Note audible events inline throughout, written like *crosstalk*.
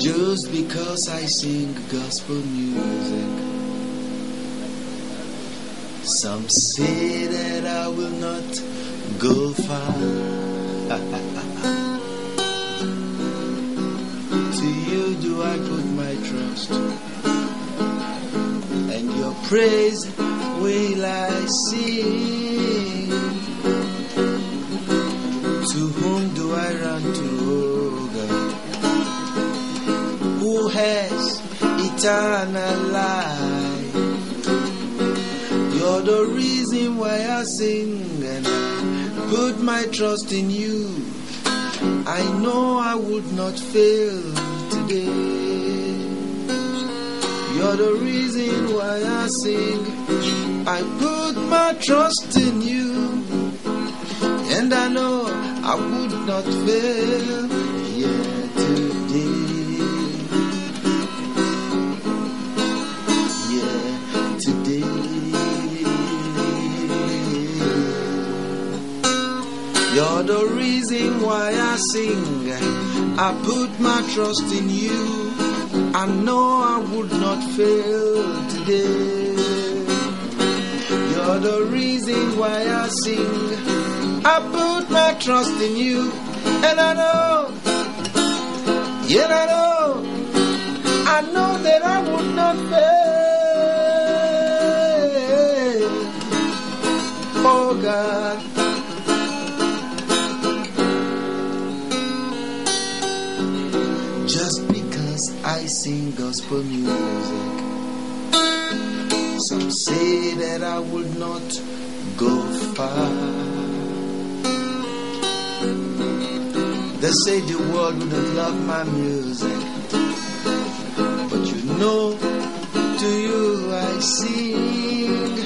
just because I sing gospel music. Some say that I will not go far. *laughs* to you do I put my trust, and your praise will I sing. eternal life. You're the reason why I sing and I put my trust in you. I know I would not fail today. You're the reason why I sing. I put my trust in you. And I know I would not fail yet today. You're the reason why I sing. I put my trust in you. I know I would not fail today. You're the reason why I sing. I put my trust in you. And I know, yet I know, I know that I would not fail. Oh God. sing gospel music. Some say that I would not go far. They say the world wouldn't love my music. But you know, to you I sing.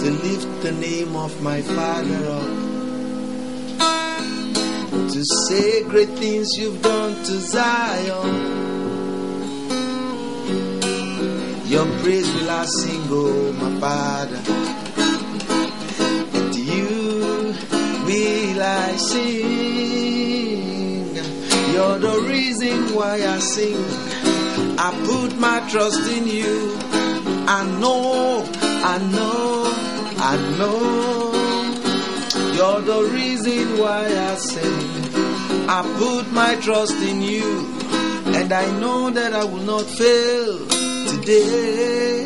To lift the name of my father up to say great things you've done to Zion. Your praise will I sing, oh my Father. And to you will I sing. You're the reason why I sing. I put my trust in you. I know, I know, I know. You're the reason why I say I put my trust in you, and I know that I will not fail today.